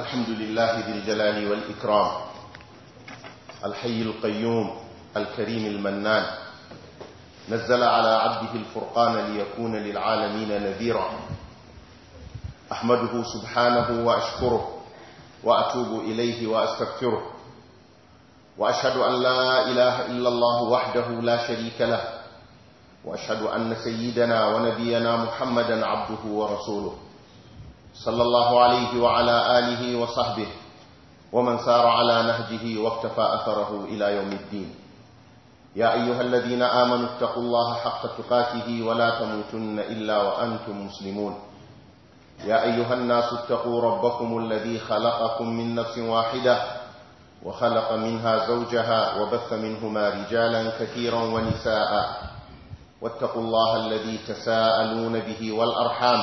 الحمد لله ذي الجلال والإكرام الحي القيوم الكريم المنان نزل على عبده الفرقان ليكون للعالمين نذيرا أحمده سبحانه وأشكره وأتوب إليه وأستغفره وأشهد أن لا إله إلا الله وحده لا شريك له وأشهد أن سيدنا ونبينا محمدا عبده ورسوله صلى الله عليه وعلى آله وصحبه ومن سار على نهجه واكتفى أثره إلى يوم الدين يا أيها الذين آمنوا اتقوا الله حق تقاته ولا تموتن إلا وأنتم مسلمون يا أيها الناس اتقوا ربكم الذي خلقكم من نفس واحدة وخلق منها زوجها وبث منهما رجالا كثيرا ونساء واتقوا الله الذي تساءلون به والأرحام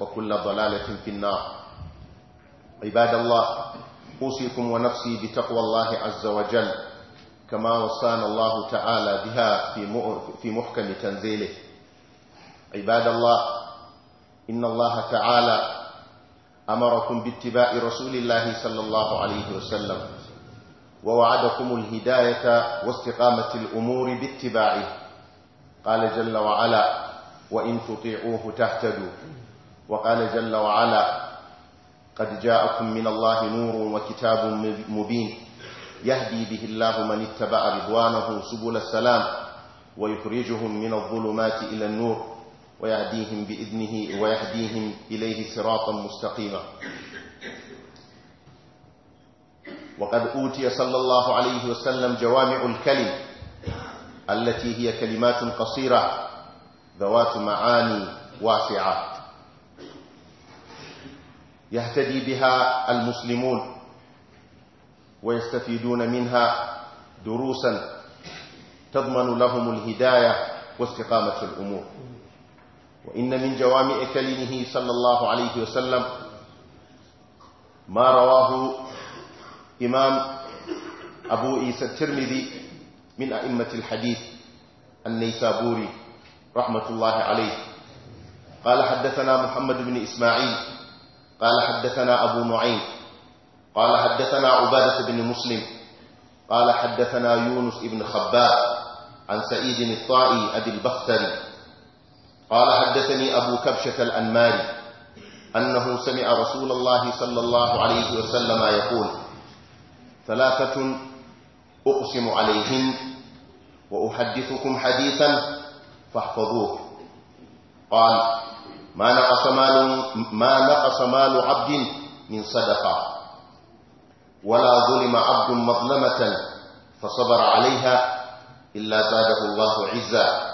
وكل ضلالة في النار عباد الله أوصيكم ونفسي بتقوى الله عز وجل كما وصانا الله تعالى بها في محكم تنزيله عباد الله إن الله تعالى أمركم باتباع رسول الله صلى الله عليه وسلم ووعدكم الهداية واستقامة الأمور باتباعه قال جل وعلا وإن تطيعوه تهتدوا وقال جل وعلا قد جاءكم من الله نور وكتاب مبين يهدي به الله من اتبع رضوانه سبل السلام ويخرجهم من الظلمات إلى النور ويهديهم بإذنه ويهديهم إليه صراطا مستقيما وقد أوتي صلى الله عليه وسلم جوامع الكلم التي هي كلمات قصيرة ذوات معاني واسعة يهتدي بها المسلمون ويستفيدون منها دروسا تضمن لهم الهداية واستقامة الأمور وإن من جوامع كلمه صلى الله عليه وسلم ما رواه إمام أبو إيسى الترمذي من أئمة الحديث النيسابوري رحمة الله عليه قال حدثنا محمد بن إسماعيل قال حدثنا أبو نعيم قال حدثنا عبادة بن مسلم قال حدثنا يونس بن خباب عن سعيد الطائي أبي البختري قال حدثني أبو كبشة الأنماري أنه سمع رسول الله صلى الله عليه وسلم يقول ثلاثة أقسم عليهم وأحدثكم حديثا فاحفظوه قال ما نقص مال ما نقص مال عبد من صدقة ولا ظلم عبد مظلمة فصبر عليها إلا زاده الله عزا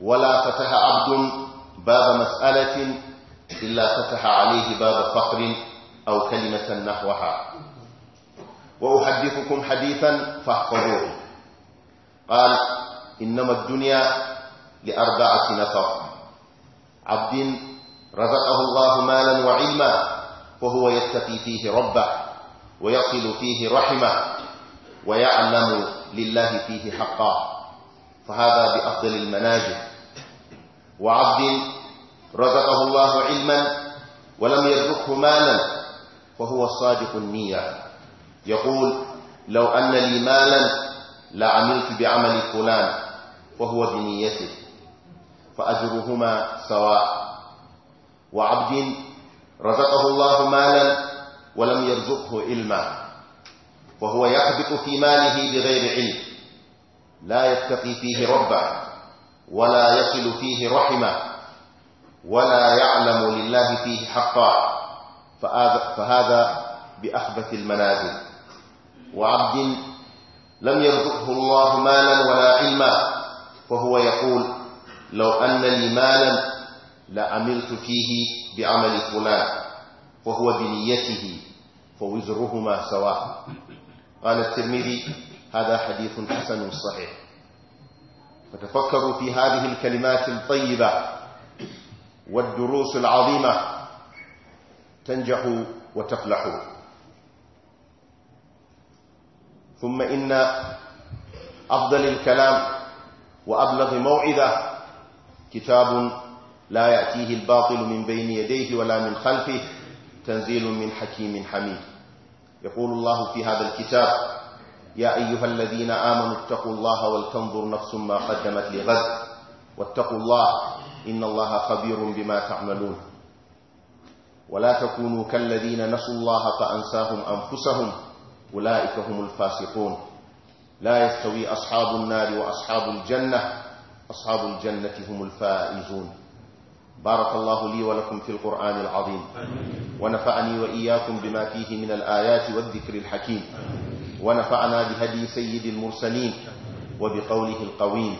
ولا فتح عبد باب مسألة إلا فتح عليه باب فقر أو كلمة نحوها وأحدثكم حديثا فاحفظوه قال إنما الدنيا لأربعة نفر عبد رزقه الله مالا وعلما فهو يتقي فيه ربه ويصل فيه رحمه ويعلم لله فيه حقا فهذا بأفضل المناجم وعبد رزقه الله علما ولم يرزقه مالا فهو الصادق النية يقول لو أن لي مالا لعملت بعمل فلان وهو بنيته فأجرهما سواء وعبد رزقه الله مالا ولم يرزقه علما وهو يحبط في ماله بغير علم لا يتقي فيه ربه ولا يصل فيه رحمه ولا يعلم لله فيه حقا فهذا بأخبث المنازل وعبد لم يرزقه الله مالا ولا علما فهو يقول لو أن لي مالا لعملت فيه بعمل فلان وهو بنيته فوزرهما سواء قال الترمذي هذا حديث حسن صحيح فتفكروا في هذه الكلمات الطيبة والدروس العظيمة تنجحوا وتفلحوا ثم إن أفضل الكلام وأبلغ موعده كتاب لا يأتيه الباطل من بين يديه ولا من خلفه تنزيل من حكيم حميد يقول الله في هذا الكتاب يا أيها الذين آمنوا اتقوا الله ولتنظر نفس ما قدمت لغد واتقوا الله إن الله خبير بما تعملون ولا تكونوا كالذين نسوا الله فأنساهم أنفسهم أولئك هم الفاسقون لا يستوي أصحاب النار وأصحاب الجنة أصحاب الجنة هم الفائزون بارك الله لي ولكم في القرآن العظيم ونفعني وإياكم بما فيه من الآيات والذكر الحكيم ونفعنا بهدي سيد المرسلين وبقوله القويم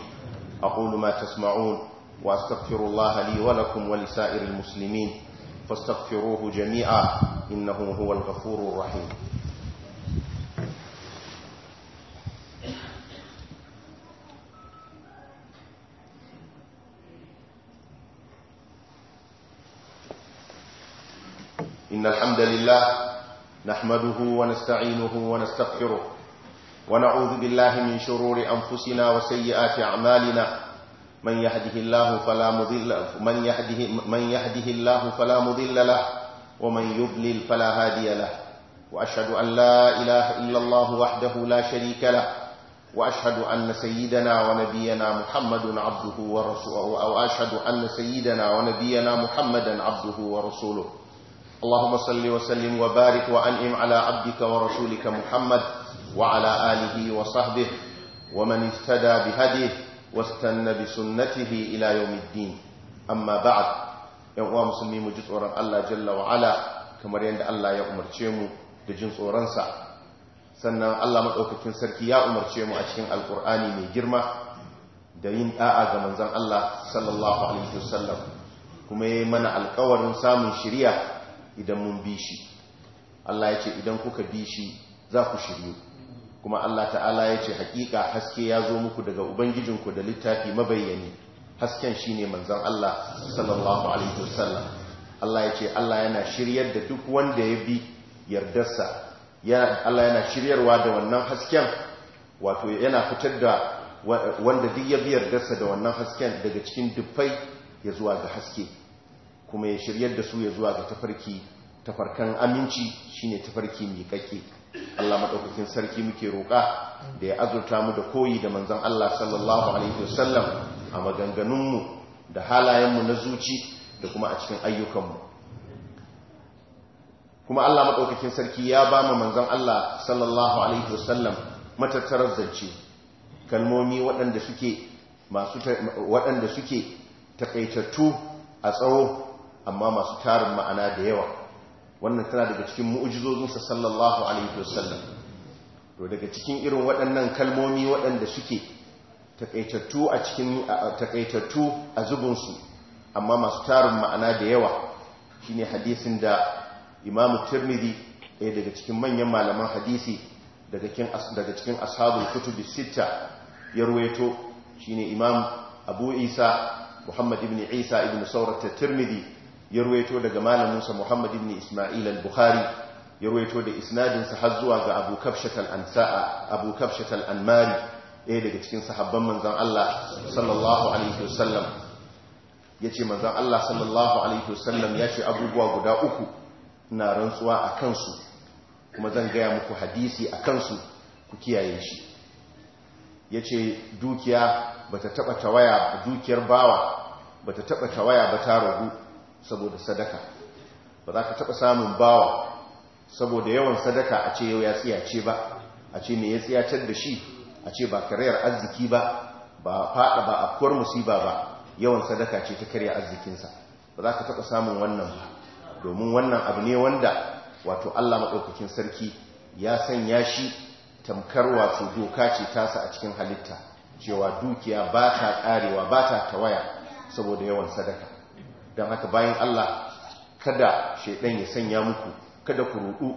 أقول ما تسمعون وأستغفر الله لي ولكم ولسائر المسلمين فاستغفروه جميعا إنه هو الغفور الرحيم إن الحمد لله نحمده ونستعينه ونستغفره ونعوذ بالله من شرور أنفسنا وسيئات أعمالنا من يهده الله فلا مضل من يهده من يهده الله فلا مضل له ومن يضلل فلا هادي له وأشهد أن لا إله إلا الله وحده لا شريك له وأشهد أن سيدنا ونبينا محمد عبده ورسوله أو أشهد أن سيدنا ونبينا محمدا عبده ورسوله اللهم صل وسلم وبارك وأنئم على عبدك ورسولك محمد وعلى آله وصحبه ومن اهتدى بهديه واستنى بسنته إلى يوم الدين أما بعد يوم مسلمين مجلس ورن الله جل وعلا كما يند الله يا أمر تشيمو بجنس ورنسا sannan Allah maɗaukakin sarki ya umarce mu a cikin alkur'ani mai girma da yin da'a ga manzon Allah sallallahu alaihi wasallam kuma yayi mana alƙawarin samun shiriya idan mun bi shi Allah ya ce idan kuka bi shi za ku shiryu kuma Allah ta'ala ya ce hakika haske ya zo muku daga ubangijinku da littafi mabayyani hasken shi ne manzan Allah sallallahu alaihi wasallam Allah ya ce Allah yana shiryar da duk wanda ya bi yardarsa Allah yana shiryarwa da wannan hasken wato yana fitar da wanda duk ya bi yardarsa da wannan hasken daga cikin dufai ya zuwa ga haske kuma ya shiryar da su ya zuwa ga tafarki tafarkan aminci shine tafarki mai kake Allah madaukakin sarki muke roƙa da ya azurta mu da koyi da manzon Allah sallallahu alaihi wasallam a maganganunmu da halayenmu na zuci da kuma a cikin ayyukanmu kuma Allah madaukakin sarki ya ba mu manzon Allah sallallahu alaihi wasallam matattarar zance kalmomi waɗanda suke masu waɗanda suke a tsawo amma masu tarin ma'ana da yawa wannan tana daga cikin mu'ujizozinsa sallallahu alaihi wasallam to daga cikin irin waɗannan kalmomi waɗanda suke takaitattu a cikin takaitattu a su amma masu tarin ma'ana da yawa shine hadisin da imam tirmidhi ɗaya daga cikin manyan malaman hadisi daga cikin ashabul kutubi sita ya ruwaito shine imam abu isa muhammad ibn isa ibn saurat tirmidhi ya ruwaito daga malaminsa Muhammad ibn Isma'il al-Bukhari ya ruwaito da isnadinsa har zuwa ga Abu Kafshat al-Ansa'a Abu Kafshat al-Anmari ɗaya daga cikin sahabban manzon Allah sallallahu alaihi wasallam yace manzon Allah sallallahu alaihi wasallam yace abubuwa guda uku na rantsuwa a kansu kuma zan gaya muku hadisi a kansu ku kiyaye shi yace dukiya bata taba tawaya dukiyar bawa bata taba tawaya ba ta ragu saboda sadaka ba za ka taɓa samun bawa saboda yawan sadaka a ce yau ya tsiyace ba a ce me ya tsiyacar da shi a ce ba kariyar arziki ba ba faɗa ba afkuwar musiba ba yawan sadaka ce ta karya arzikinsa ba za ka taɓa samun wannan ba domin wannan abu ne wanda wato Allah maɗaukakin sarki ya sanya shi tamkar wato doka ce tasa a cikin halitta cewa dukiya ba ta ƙarewa ba ta tawaya saboda yawan sadaka don haka bayan Allah kada shaidan ya sanya muku kada ku rudu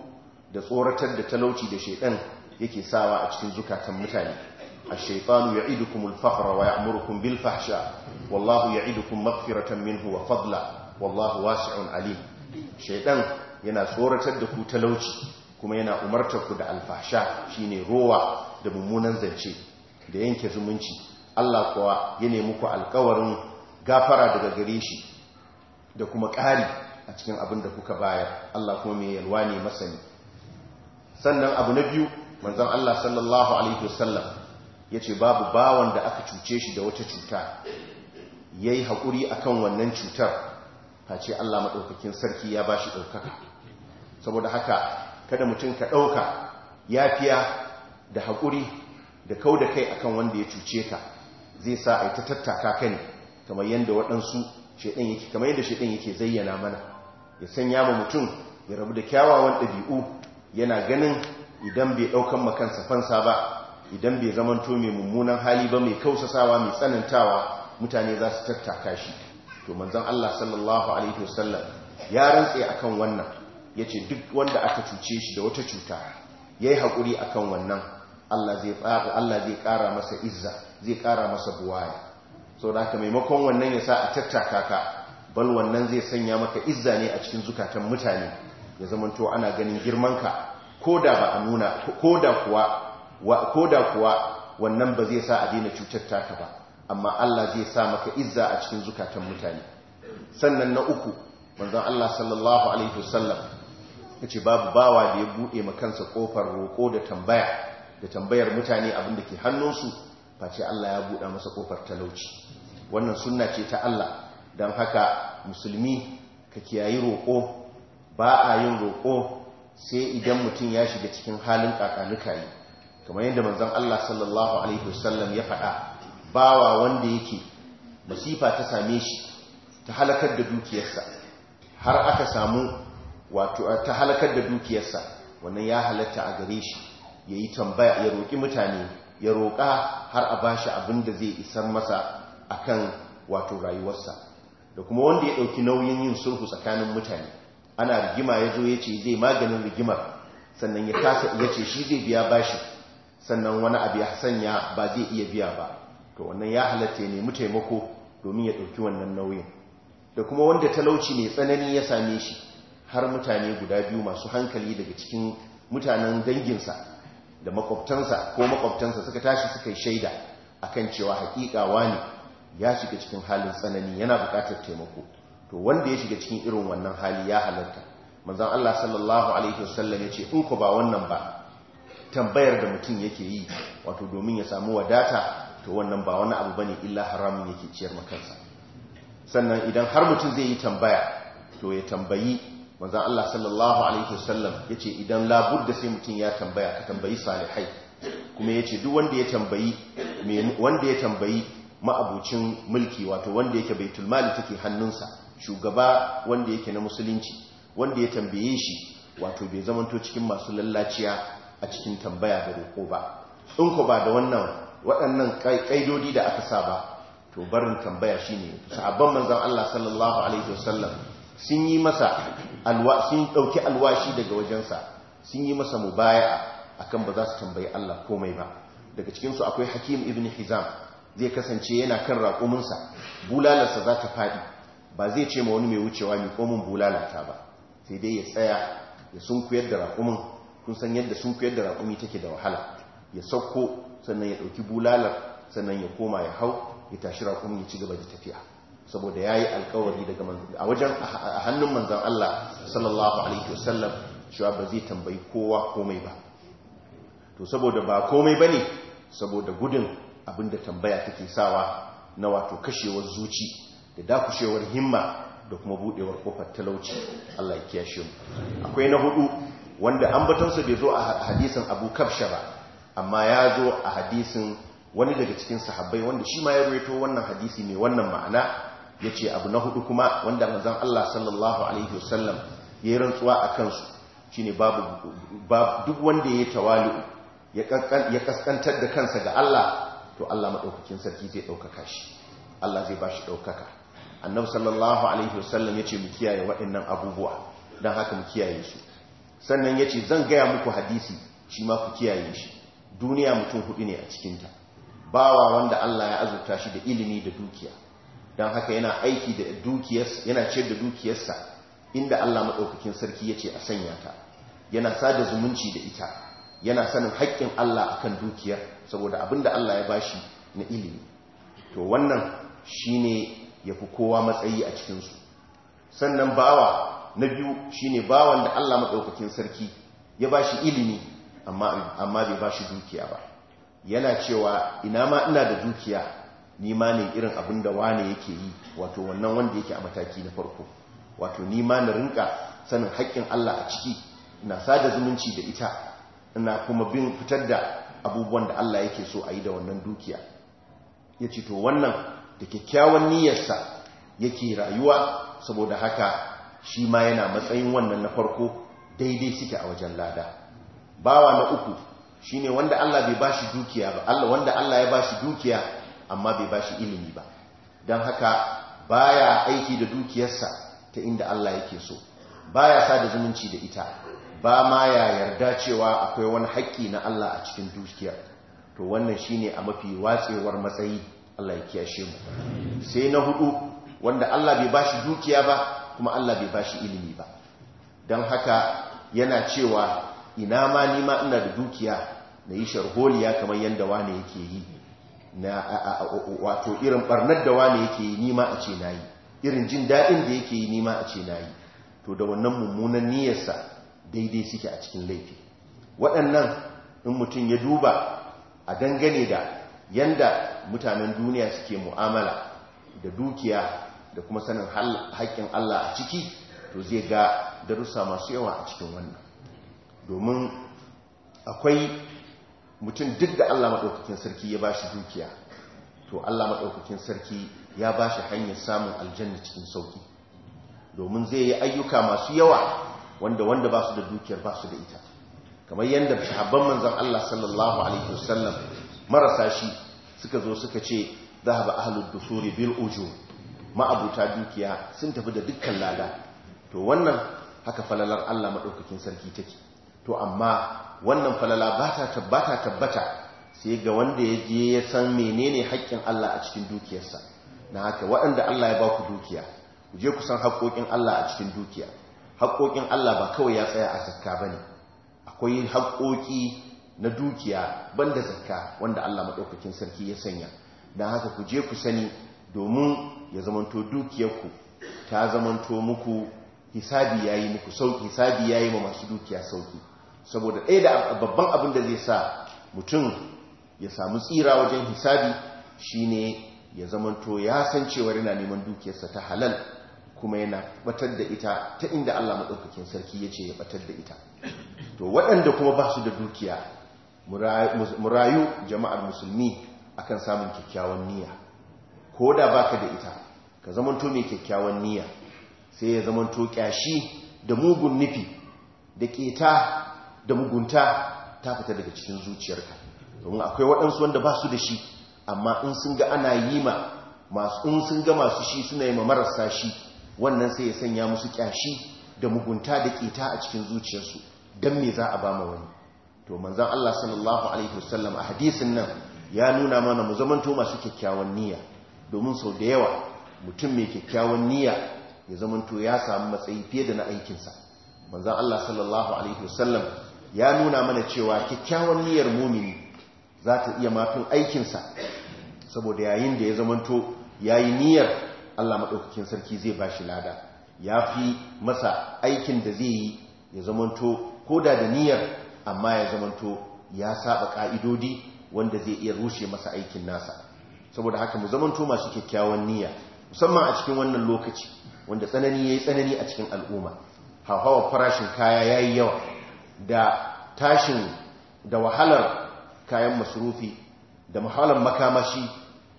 da tsoratar da talauci da shaidan yake sawa a cikin zukatan mutane A shaytanu ya al-fakhra wa ya'murukum bil fahsha wallahu ya'idukum maghfiratan minhu wa fadla wallahu wasi'un alim shaidan yana tsoratar da ku talauci kuma yana umartar ku da alfahsha shine rowa da mummunan zance da yanke zumunci Allah kuwa ya nemi ku alkawarin gafara daga gare shi da kuma ƙari a cikin abin da kuka bayar Allah kuma mai yalwa ne masani sannan abu na biyu manzon Allah sallallahu alaihi wasallam ce babu bawan da aka cuce shi da wata cuta ya yi haƙuri a kan wannan cutar face Allah maɗaukakin sarki ya ba shi ɗaukaka. saboda haka kada mutum ka ɗauka yafiya da haƙuri da kau da kai a kan wanda ya cuce ka zai sa a yi ta tattaka kai kamar yadda waɗansu shaidan yake kamar yadda shaidan yake zayyana mana ya sanya ma mutum ya rabu da kyawawan ɗabi'u yana ganin idan bai ɗaukan makansa fansa ba idan bai zamanto mai mummunan hali ba mai kausasawa mai tsanantawa mutane za su tattaka shi to manzon Allah sallallahu alaihi wasallam ya rantse akan wannan ya ce duk wanda aka cuce shi da wata cuta yayi hakuri akan wannan Allah zai Allah zai kara masa izza zai kara masa buwaya So da haka maimakon wannan ya sa a tattaka ka bal wannan zai sanya maka izza ne a cikin zukatan mutane ya zamanto ana ganin girman ka ba ko da kuwa wannan ba zai sa a daina cutattaka ba amma Allah zai sa maka izza a cikin zukatan mutane sannan na uku manzon Allah sallallahu alaihi wasallam yace babu bawa da ya buɗe makansa kofar roko da tambaya da tambayar mutane abin da ke hannunsu face Allah ya buɗa masa kofar talauci wannan sunna ce ta Allah don haka musulmi ka kiyayi roƙo ba a yin roƙo sai idan mutum ya shiga cikin halin ƙaƙaluka ne kamar yadda manzon Allah sallallahu alaihi wasallam ya faɗa bawa wanda yake masifa ta same shi ta halakar da dukiyarsa har aka samu wato ta halakar da dukiyarsa wannan ya halatta a gare shi ya yi tambaya ya roƙi mutane ya roƙa har a bashi abin da zai isar masa akan wato rayuwarsa da kuma wanda ya dauki nauyin yin sulhu tsakanin mutane ana rigima ya zo ya ce zai maganin rigimar sannan ya kasa ya ce shi zai biya bashi sannan wani abu ya sanya ba zai iya biya ba to wannan ya halatta ne nemi taimako domin ya dauki wannan nauyin da kuma wanda talauci mai tsanani ya same shi har mutane guda biyu masu hankali daga cikin mutanen danginsa da makwabtansa ko makwabtansa suka tashi suka yi shaida akan cewa hakika wani ya shiga cikin halin tsanani yana bukatar taimako to wanda ya shiga cikin irin wannan hali ya halarta manzan Allah sallallahu alaihi wasallam ya ce in ku ba wannan ba tambayar da mutum yake yi wato domin ya samu wadata to wannan ba wani abu bane illa haramun yake ciyar makansa sannan idan har mutum zai yi tambaya to ya tambayi manzan Allah sallallahu alaihi wasallam yace idan labudda sai mutum ya tambaya ka tambayi salihai kuma yace duk wanda ya tambayi wanda ya tambayi ma'abucin mulki wato wanda yake bai mali take hannunsa shugaba wanda yake na musulunci wanda ya tambaye shi wato bai zamanto cikin masu lallaciya a cikin tambaya da roƙo ba in ko ba da wannan waɗannan ƙaidodi da aka sa ba to barin tambaya shine sahabban manzon Allah sallallahu alaihi wasallam sun yi masa alwa sun dauki alwashi daga wajensa sun yi masa mubaya'a akan ba za su tambayi Allah komai ba daga cikin su akwai Hakim ibn Hizam zai kasance yana kan raƙuminsa bulalarsa za ta faɗi ba zai ce ma wani mai wucewa mai komin bulalata ba sai dai ya tsaya ya sunkuyar da raƙumin kun san yadda sunkuyar da raƙumi take da wahala ya sauko sannan ya ɗauki bulalar sannan ya koma ya hau ya tashi raƙumin ya ci gaba da tafiya saboda ya yi alkawari daga a wajen a hannun manzan Allah sallallahu alaihi wasallam cewa ba zai tambayi kowa komai ba to saboda ba komai ba ne saboda gudun abinda tambaya take sawa na wato kashewar zuci da dakushewar himma da kuma budewar kofar talauci Allah ya kiyashe mu akwai na hudu wanda ambatonsa bai zo a hadisin Abu Kabsha ba amma ya zo a hadisin wani daga cikin sahabbai wanda shi ma ya ruwaito wannan hadisi mai wannan ma'ana yace abu na hudu kuma wanda manzon Allah sallallahu alaihi wasallam yayin rantsuwa akan su shine babu duk wanda ya tawali ya kaskantar da kansa ga Allah to Allah maɗaukakin sarki zai ɗaukaka shi Allah zai ba shi ɗaukaka. annabu sallallahu alaihi wasallam ce mu kiyaye waɗannan abubuwa Don haka mu kiyaye su sannan ya ce zan gaya muku hadisi shi ma ku kiyaye shi duniya mutum hudu ne a cikinta. ta bawa wanda Allah ya azurta shi da ilimi da dukiya Don haka yana aiki da dukiyarsa yana ciyar da dukiyarsa inda Allah maɗaukakin sarki ya ce a sanya ta yana sada zumunci da ita yana sanin haƙƙin Allah a kan dukiya saboda abinda Allah ya bashi na ilimi to wannan shine fi kowa matsayi a cikinsu sannan bawa na biyu shine bawan da Allah madaukakin sarki ya bashi ilimi amma bai bashi dukiya ba yana cewa ina ma ina da dukiya ni ma ne irin abin da wane yake yi wato wannan wanda yake a mataki na farko wato ni ma na rinka sanin haƙƙin Allah a ciki na sada zumunci da ita ina kuma bin fitar da abubuwan da Allah yake so a yi da wannan dukiya ya ce to wannan da kyakkyawan niyyarsa yake rayuwa saboda haka shi ma yana matsayin wannan na farko daidai suke a wajen lada bawa na uku shine wanda Allah bai shi dukiya ba Allah wanda Allah ya bashi dukiya amma bai bashi ilimi ba don haka baya aiki da dukiyarsa ta inda Allah yake so baya sada zumunci da ita ba ma ya yarda cewa akwai wani haƙƙi na Allah a cikin dukiyar to wannan shine a mafi watsewar matsayi Allah ya kiyashe mu sai na hudu wanda Allah bai bashi dukiya ba kuma Allah bai bashi ilimi ba don haka yana cewa ina ma ni ma ina da dukiya na yi sharholiya kamar yadda wane yake yi na wato irin barnar da wane yake yi nima a ce nayi irin jin daɗin da yake yi nima a ce nayi to da wannan mummunan niyyarsa daidai suke a cikin laifi waɗannan in mutum ya duba a dangane da yanda mutanen duniya suke mu'amala da dukiya da kuma sanin haƙƙin Allah a ciki to zai ga darussa masu yawa a cikin wannan domin akwai mutum duk da Allah maɗaukakin sarki ya ba shi dukiya to Allah maɗaukakin sarki ya ba shi hanyar samun aljanna cikin sauƙi domin zai yi ayyuka masu yawa wanda wanda ba su da dukiyar ba su da ita kamar yadda shahabban manzan Allah sallallahu alaihi wasallam marasa shi suka zo suka ce za zahaba ahlud dusuri bil ujur ma'abuta dukiya sun tafi da dukkan lada to wannan haka falalar Allah maɗaukakin sarki take to amma wannan falala ba ta tabbata tabbata sai ga wanda ya je ya san menene haƙƙin Allah a cikin dukiyarsa na haka waɗanda Allah ya ba ku dukiya ku je ku san haƙoƙin Allah a cikin dukiya haƙoƙin Allah ba kawai ya tsaya a zakka bane akwai haƙoƙi na dukiya banda zakka wanda Allah madaukakin sarki ya sanya dan haka ku je ku sani domin ya zamanto dukiyarku ta zamanto muku hisabi yayi muku sauki hisabi yayi ma masu dukiya sauki saboda ɗaya da babban abin da zai sa mutum ya samu tsira wajen hisabi shine ya zamanto ya san cewa yana neman dukiyarsa ta halal kuma yana batar da ita ta inda Allah maɗaukakin sarki ya ce ya batar da ita to waɗanda kuma ba su da dukiya murayu jama'ar musulmi akan samun kyakkyawan niyya ko da ba ka da ita ka zamanto mai kyakkyawan niyya sai ya zamanto kyashi da mugun nufi da keta da mugunta ta fita daga cikin zuciyarka domin akwai waɗansu wanda ba su da shi amma in sun ga ana yi ma in sun ga masu shi suna yi ma marasa shi wannan sai ya sanya musu kyashi da mugunta da kita a cikin zuciyarsu don me za a ba ma wani to manzan Allah sallallahu alaihi wasallam a hadisin nan ya nuna mana mu zamanto masu kyakkyawan niyya domin sau da yawa mutum mai kyakkyawan niyya ya zamanto ya samu matsayi fiye da na aikinsa manzan Allah sallallahu alaihi wasallam ya nuna mana cewa kyakkyawan niyyar mumini za ta iya mafin aikinsa saboda yayin da ya zamanto ya yi niyyar Allah maɗaukakin sarki zai ba shi lada ya fi masa aikin da zai yi ya zamanto ko da da niyyar amma ya zamanto ya saba ƙa'idodi wanda zai iya rushe masa aikin nasa saboda haka mu zamanto masu kyakkyawan niyya musamman a cikin wannan lokaci wanda tsanani ya yi tsanani a cikin al'umma hauhawar farashin kaya ya yi yawa da tashin da wahalar kayan masurufi da mahalar makamashi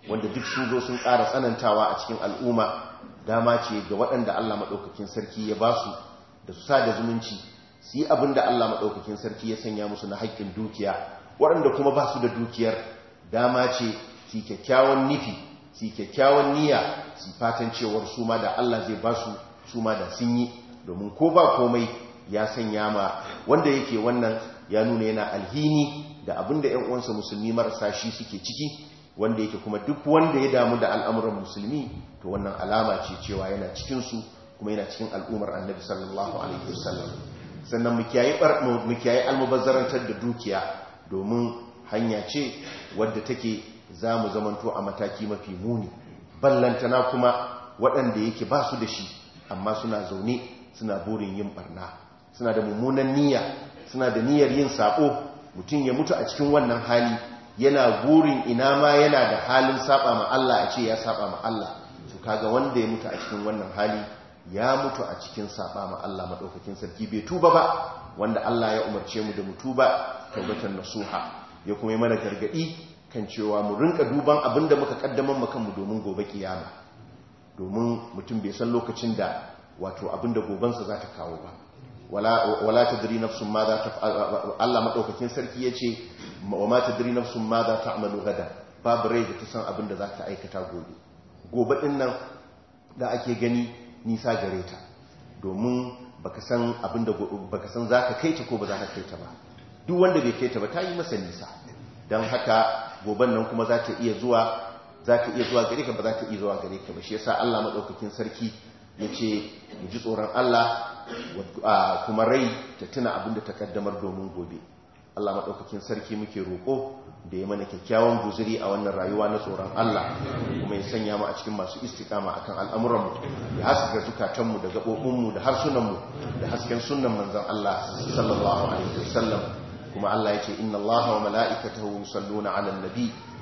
wanda duk shugo sun ƙara tsanantawa a cikin al'umma dama ce ga waɗanda Allah maɗaukakin sarki ya ba su da su sa da zumunci su yi abin da Allah maɗaukakin sarki ya sanya musu na haƙƙin dukiya waɗanda kuma ba su da dukiyar dama ce su kyakkyawan nufi su kyakkyawan niyya su fatan cewar su ma da Allah zai ba su su ma da sun yi domin ko ba komai ya sanya ma wanda yake wannan ya nuna yana alhini da abin da ‘yan uwansa musulmi marasa shi suke ciki wanda yake kuma duk wanda ya damu da al'amuran musulmi to wannan alama ce cewa yana cikinsu kuma yana cikin al'ummar annabi sallallahu alaihi wasallam sannan mukiyayi almubazzarantar da dukiya domin hanya ce wadda take za mu zamanto a mataki mafi muni ballantana kuma waɗanda yake ba su da shi amma suna zaune suna burin yin barna suna da mummunan niyya suna da niyyar yin saƙo mutum ya mutu a cikin wannan hali yana gurin ina ma yana da halin saba ma Allah a ce ya saba ma Allah su kaga wanda ya mutu a cikin wannan hali ya mutu a cikin saba ma Allah madaukakin sarki bai tuba ba wanda Allah ya umarce mu da mu tuba taubatan nasuha ya kuma yi mana gargaɗi kan cewa mu rinka duban abinda muka kaddamar mu kanmu domin gobe kiyama domin mutum bai san lokacin da wato abinda gobansa za ta kawo ba wala ta tadri nafsun ma za ta Allah maɗaukakin sarki ya ce wa ma ta tadri nafsun ma za ta amalu gada babu rai da ta san abin da za ta aikata gobe gobe ɗin nan da ake gani nisa gare ta domin baka san abin da san kai ta ko ba za ka kai ta ba duk wanda bai kai ta ba ta yi masa nisa don haka goben nan kuma za ta iya zuwa za iya zuwa gare ka ba za ta iya zuwa gare ka ba shi yasa Allah maɗaukakin sarki ya ce mu ji tsoron Allah kuma rai ta tuna abinda ta kaddamar domin gobe Allah maɗaukakin sarki muke roƙo da ya mana kyakkyawan guzuri a wannan rayuwa na tsoron Allah kuma ya sanya mu a cikin masu istiqama akan al'amuranmu ya ga zukatanmu da gaɓoɓinmu da harsunanmu da hasken sunan manzon Allah sallallahu alaihi wasallam kuma Allah ya ce inna Allah wa mala'ikatahu yusalluna na nabi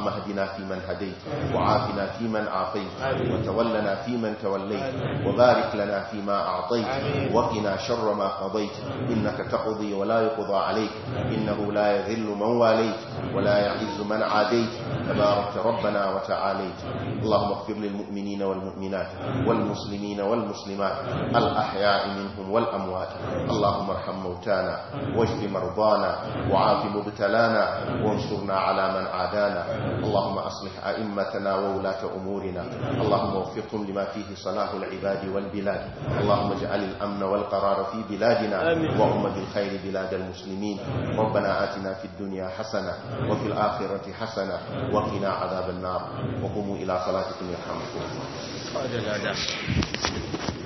اللهم اهدنا فيمن هديت وعافنا فيمن عافيت وتولنا فيمن توليت وبارك لنا فيما أعطيت وقنا شر ما قضيت إنك تقضي ولا يقضى عليك إنه لا يذل من واليت ولا يعز من عاديت تبارك ربنا وتعاليت اللهم اغفر للمؤمنين والمؤمنات والمسلمين والمسلمات الأحياء منهم والأموات اللهم ارحم موتانا واجب مرضانا وعاف مبتلانا وانصرنا على من عادانا اللهم أصلح أئمتنا وولاة أمورنا اللهم وفقهم لما فيه صلاح العباد والبلاد اللهم اجعل الأمن والقرار في بلادنا وأمة الخير بلاد المسلمين ربنا آتنا في الدنيا حسنة وفي الآخرة حسنة وقنا عذاب النار وقوموا إلى صلاتكم يرحمكم الله